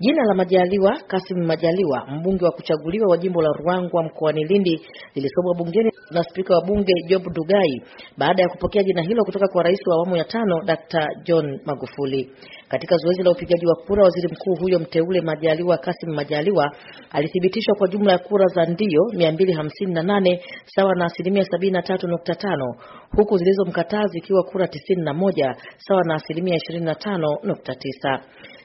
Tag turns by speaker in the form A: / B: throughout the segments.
A: Jina la Majaliwa Kasim Majaliwa, mbunge wa kuchaguliwa wa jimbo la Ruangwa mkoani Lindi, lilisomwa bungeni na spika wa bunge Job Dugai baada ya kupokea jina hilo kutoka kwa rais wa awamu ya tano Dr. John Magufuli. Katika zoezi la upigaji wa kura, waziri mkuu huyo mteule Majaliwa Kasim Majaliwa alithibitishwa kwa jumla ya kura za ndio 258 sawa na asilimia 73.5 huku zilizomkataa zikiwa kura 91 sawa na asilimia 25.9.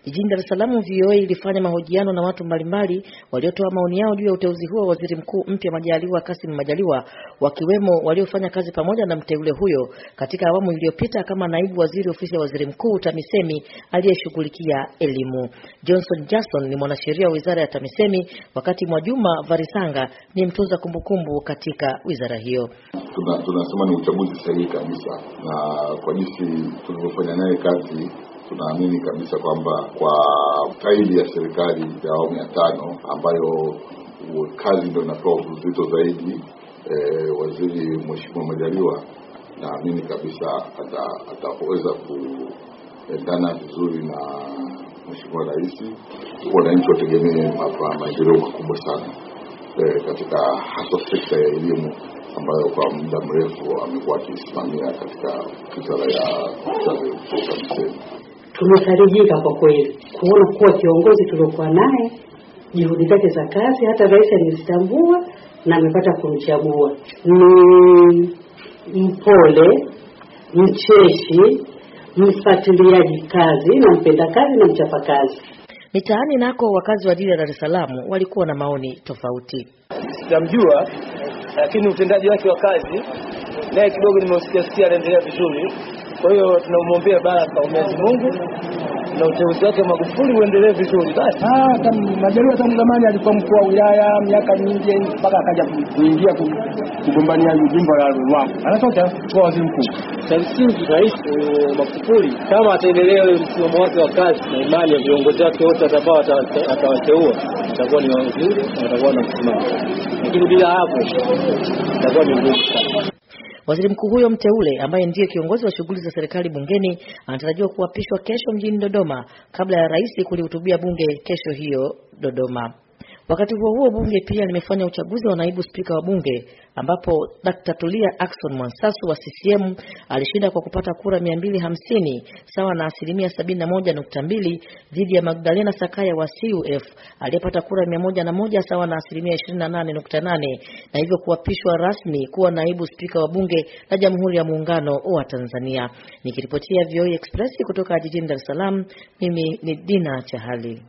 A: Jijini Dar es Salaam, VOA ilifanya mahojiano na watu mbalimbali waliotoa maoni yao juu ya uteuzi huo wa waziri mkuu mpya Majaliwa Kassim Majaliwa, wakiwemo waliofanya kazi pamoja na mteule huyo katika awamu iliyopita kama naibu waziri ofisi ya waziri mkuu TAMISEMI aliyeshughulikia elimu. Johnson Jackson ni mwanasheria wa wizara ya TAMISEMI, wakati Mwajuma Varisanga ni mtunza kumbukumbu katika wizara hiyo.
B: Tunasema tuna ni uchaguzi sahihi kabisa, na kwa jinsi tulivyofanya naye kazi tunaamini kabisa kwamba kwa faili ya serikali ya awamu ya tano ambayo kazi ndo inapewa uzito zaidi e, waziri Mheshimiwa Majaliwa, naamini kabisa ataweza kuendana vizuri na Mheshimiwa Rais. Wananchi wategemee maendeleo makubwa sana e, katika hasa sekta ya elimu ambayo kwa muda mrefu amekuwa akisimamia katika wizara ya TAMISEMI
A: tumefarijika kwa kweli kuona kuwa kiongozi tuliokuwa naye juhudi zake za kazi hata rais alizitambua na amepata kumchagua. Ni mpole, mcheshi, mfuatiliaji kazi na mpenda kazi na mchapa kazi. Mitaani nako wakazi wa jiji la Dar es Salaam walikuwa na maoni tofauti. Sijamjua, lakini utendaji wake wa kazi naye kidogo nimeusikiasikia anaendelea vizuri kwa hiyo tunamwombea baraka kwa Mwenyezi Mungu na uteuzi wake Magufuli uendelee vizuri. Basi ah, Majaliwa tangu zamani alikuwa mkuu wa wilaya miaka mingi mpaka akaja kuingia kugombania jimbo la Ruangwa, anatoka kuwa waziri mkuu. Cha msingi Rais eh, Magufuli kama ataendelea msimamo wake wa kazi na imani ya viongozi wake wote atakao atawateua, itakuwa ni wazuri na atakuwa na msimamo, lakini bila hapo itakuwa ni ngumu sana. Waziri mkuu huyo mteule ambaye ndiye kiongozi wa shughuli za serikali bungeni anatarajiwa kuapishwa kesho mjini Dodoma kabla ya rais kulihutubia bunge kesho hiyo Dodoma. Wakati huo huo, bunge pia limefanya uchaguzi wa naibu spika wa bunge ambapo Dr. Tulia Ackson Mwansasu wa CCM alishinda kwa kupata kura 250 sawa na asilimia 71.2 dhidi ya Magdalena Sakaya wa CUF aliyepata kura 101 sawa na asilimia 28.8 na hivyo kuapishwa rasmi kuwa naibu spika wa bunge la Jamhuri ya Muungano wa Tanzania. Nikiripotia VOA e Express kutoka jijini Dar es Salaam, mimi ni Dina Chahali.